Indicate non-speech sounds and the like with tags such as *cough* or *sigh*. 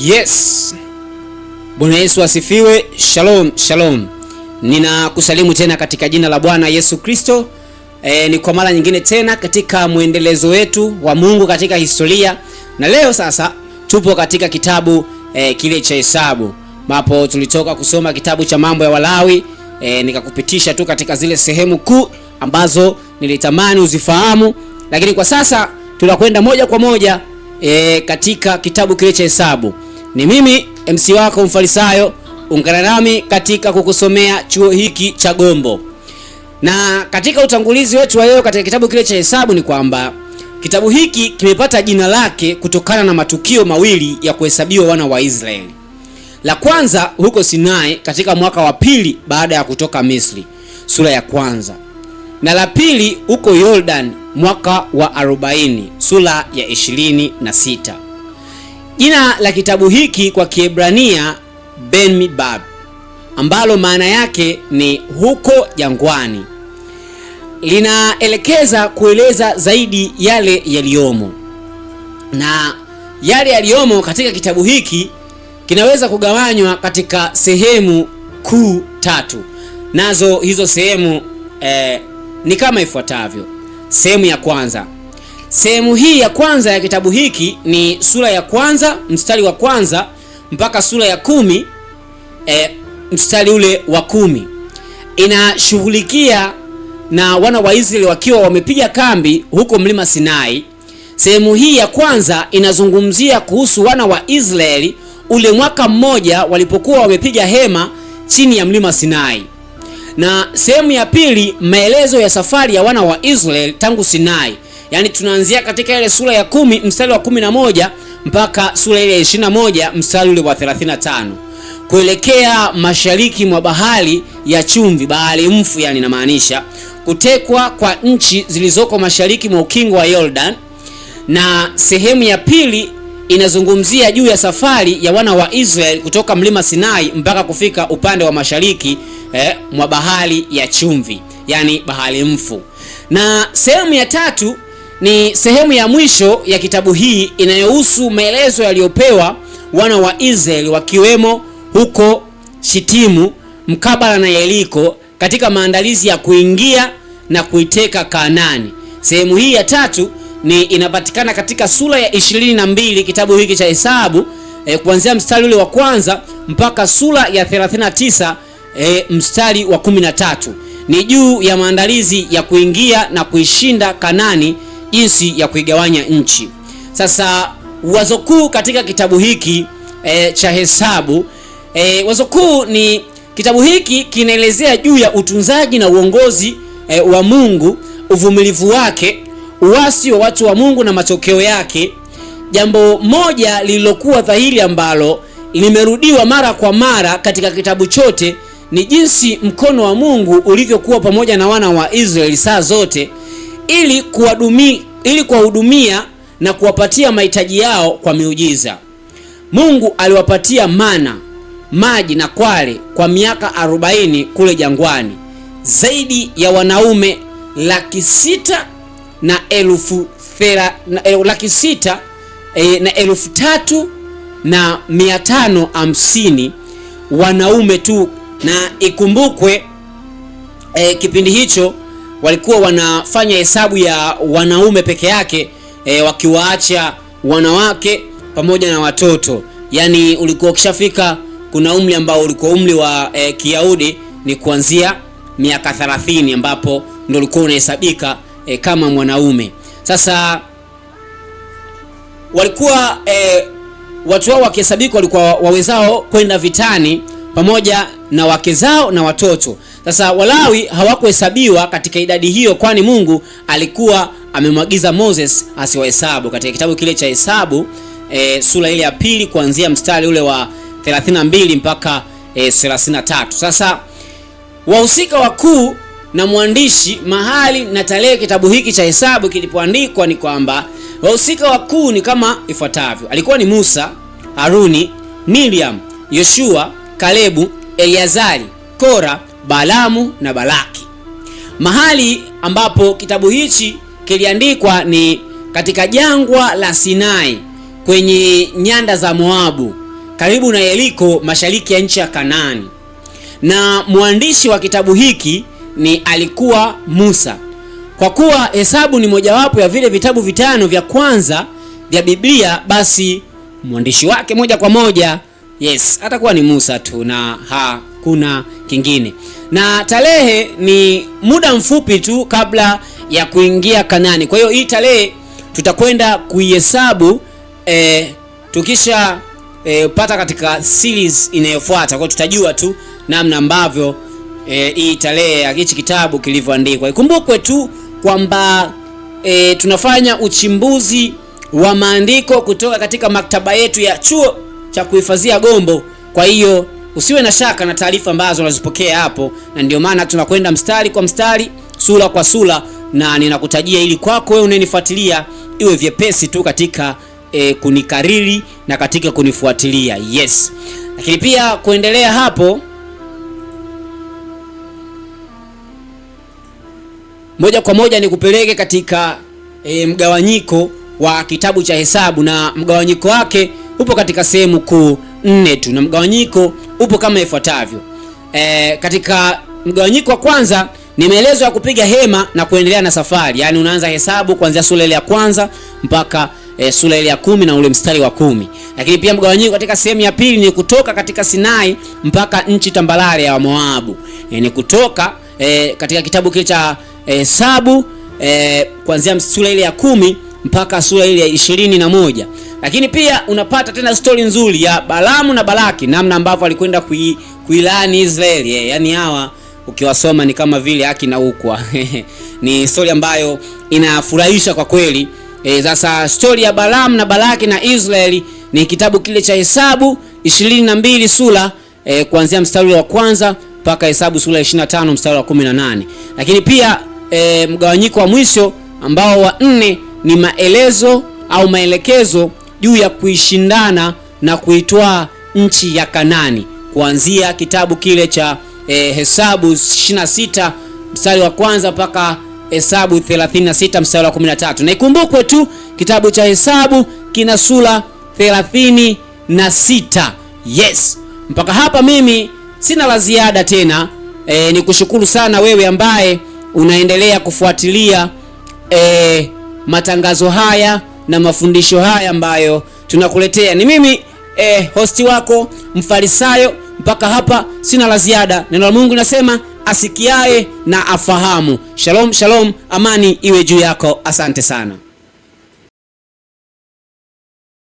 Yes, Bwana Yesu asifiwe. Shalom, shalom. Ninakusalimu tena katika jina la Bwana Yesu Kristo. E, ni kwa mara nyingine tena katika mwendelezo wetu wa Mungu katika historia, na leo sasa tupo katika kitabu e, kile cha Hesabu, Mapo tulitoka kusoma kitabu cha mambo ya Walawi e, nikakupitisha tu katika zile sehemu kuu ambazo nilitamani uzifahamu, lakini kwa sasa tunakwenda moja kwa moja e, katika kitabu kile cha Hesabu ni mimi MC wako Mfarisayo, ungana nami katika kukusomea chuo hiki cha Gombo. Na katika utangulizi wetu wa leo katika kitabu kile cha Hesabu ni kwamba kitabu hiki kimepata jina lake kutokana na matukio mawili ya kuhesabiwa wana wa Israeli. La kwanza huko Sinai katika mwaka wa pili baada ya kutoka Misri, sura ya kwanza, na la pili huko yordan mwaka wa 40 sura ya 26. Jina la kitabu hiki kwa Kiebrania Ben Midbar, ambalo maana yake ni huko jangwani, linaelekeza kueleza zaidi yale yaliyomo, na yale yaliyomo katika kitabu hiki kinaweza kugawanywa katika sehemu kuu tatu, nazo hizo sehemu eh, ni kama ifuatavyo. Sehemu ya kwanza Sehemu hii ya kwanza ya kitabu hiki ni sura ya kwanza mstari wa kwanza mpaka sura ya kumi e, mstari ule wa kumi inashughulikia na wana wa Israeli wakiwa wamepiga kambi huko mlima Sinai. Sehemu hii ya kwanza inazungumzia kuhusu wana wa Israeli ule mwaka mmoja walipokuwa wamepiga hema chini ya mlima Sinai, na sehemu ya pili maelezo ya safari ya wana wa Israeli tangu Sinai Yaani tunaanzia katika ile sura ya kumi mstari wa kumi na moja mpaka sura ile ya ishirini na moja mstari ule wa 35 kuelekea mashariki mwa bahari ya chumvi, bahari mfu, yani inamaanisha kutekwa kwa nchi zilizoko mashariki mwa ukingo wa Yordan. Na sehemu ya pili inazungumzia juu ya safari ya wana wa Israeli kutoka mlima Sinai mpaka kufika upande wa mashariki eh, mwa bahari ya chumvi, yani bahari mfu. Na sehemu ya tatu ni sehemu ya mwisho ya kitabu hii inayohusu maelezo yaliyopewa wana wa Israeli wakiwemo huko Shitimu mkabala na Yeriko katika maandalizi ya kuingia na kuiteka Kanaani. Sehemu hii ya tatu ni inapatikana katika sura ya ishirini na mbili kitabu hiki cha Hesabu e, kuanzia mstari ule wa kwanza mpaka sura ya 39 e, mstari wa 13. Ni juu ya maandalizi ya kuingia na kuishinda Kanaani jinsi ya kuigawanya nchi. Sasa wazo kuu katika kitabu hiki e, cha Hesabu e, wazo kuu ni kitabu hiki kinaelezea juu ya utunzaji na uongozi e, wa Mungu, uvumilivu wake, uasi wa watu wa Mungu na matokeo yake, jambo moja lililokuwa dhahiri ambalo limerudiwa mara kwa mara katika kitabu chote ni jinsi mkono wa Mungu ulivyokuwa pamoja na wana wa Israeli saa zote ili kuwadumi, ili kuwahudumia na kuwapatia mahitaji yao kwa miujiza. Mungu aliwapatia mana, maji na kwale kwa miaka arobaini kule jangwani, zaidi ya wanaume laki sita na elfu thela, na, eh, laki sita e, na elfu tatu na mia tano hamsini wanaume tu, na ikumbukwe e, kipindi hicho walikuwa wanafanya hesabu ya wanaume peke yake e, wakiwaacha wanawake pamoja na watoto. Yaani ulikuwa ukishafika kuna umri ambao ulikuwa umri wa e, Kiyahudi ni kuanzia miaka 30 ambapo ndio ulikuwa unahesabika e, kama mwanaume. Sasa walikuwa e, watu wao wakihesabika walikuwa wawezao kwenda vitani pamoja na wake zao na watoto. Sasa Walawi hawakuhesabiwa katika idadi hiyo, kwani Mungu alikuwa amemwagiza Moses asiwahesabu katika kitabu kile cha Hesabu e, sura ile ya pili kuanzia mstari ule wa 32 mpaka e, eh, 33. Sasa wahusika wakuu na mwandishi, mahali na tarehe kitabu hiki cha Hesabu kilipoandikwa ni kwamba wahusika wakuu ni kama ifuatavyo: alikuwa ni Musa, Haruni, Miriam, Yoshua, Kalebu, Eliazari, Kora Balamu na Balaki. Mahali ambapo kitabu hichi kiliandikwa ni katika jangwa la Sinai kwenye nyanda za Moabu karibu na Yeriko mashariki ya nchi ya Kanaani. Na mwandishi wa kitabu hiki ni alikuwa Musa. Kwa kuwa Hesabu ni mojawapo ya vile vitabu vitano vya kwanza vya Biblia, basi mwandishi wake moja kwa moja, yes, atakuwa ni Musa tu na hakuna kingine na tarehe ni muda mfupi tu kabla ya kuingia kanani Kwa hiyo hii tarehe tutakwenda kuihesabu e, tukisha e, pata katika series inayofuata. Kwa tutajua tu namna ambavyo e, hii tarehe ya hichi kitabu kilivyoandikwa. Ikumbukwe tu kwamba e, tunafanya uchimbuzi wa maandiko kutoka katika maktaba yetu ya chuo cha kuhifadhia Gombo. Kwa hiyo Usiwe na shaka na taarifa ambazo unazipokea hapo, na ndio maana tunakwenda mstari kwa mstari, sura kwa sura, na ninakutajia ili kwako wewe unanifuatilia iwe vyepesi tu katika e, kunikariri na katika kunifuatilia. Yes, lakini pia kuendelea hapo moja kwa moja nikupeleke katika e, mgawanyiko wa kitabu cha Hesabu na mgawanyiko wake upo katika sehemu kuu nne tu na mgawanyiko upo kama ifuatavyo. E, katika mgawanyiko wa kwanza ni maelezo ya kupiga hema na kuendelea na safari, yaani unaanza hesabu kuanzia sura ile ya kwanza mpaka e, sura ile ya kumi na ule mstari wa kumi. Lakini pia mgawanyiko katika sehemu ya pili ni kutoka katika Sinai mpaka nchi tambalale ya Moabu. E, ni kutoka e, katika kitabu kile cha hesabu e, kuanzia sura ile ya kumi mpaka sura ile ya ishirini na moja. Lakini pia unapata tena stori nzuri ya Balamu na Balaki, namna ambavyo alikwenda kuilani Israeli eh, yaani hawa ukiwasoma ni kama vile haki na ukwa *laughs* ni stori ambayo inafurahisha kwa kweli. Eh, sasa e, stori ya Balamu na Balaki na Israeli ni kitabu kile cha Hesabu ishirini mbili sura e, kuanzia mstari wa kwanza mpaka Hesabu sura 25 mstari wa 18. Lakini pia e, mgawanyiko wa mwisho ambao wa nne ni maelezo au maelekezo juu ya kuishindana na kuitwaa nchi ya kanani kuanzia kitabu kile cha e, Hesabu 26 mstari wa kwanza mpaka Hesabu 36 mstari wa 13. Na ikumbukwe tu kitabu cha Hesabu kina sura 36. Yes, mpaka hapa mimi sina la ziada tena. E, ni kushukuru sana wewe ambaye unaendelea kufuatilia e, matangazo haya na mafundisho haya ambayo tunakuletea. Ni mimi eh, hosti wako Mfarisayo. Mpaka hapa sina la ziada. Neno la Mungu linasema asikiaye na afahamu. Shalom, shalom, amani iwe juu yako. Asante sana.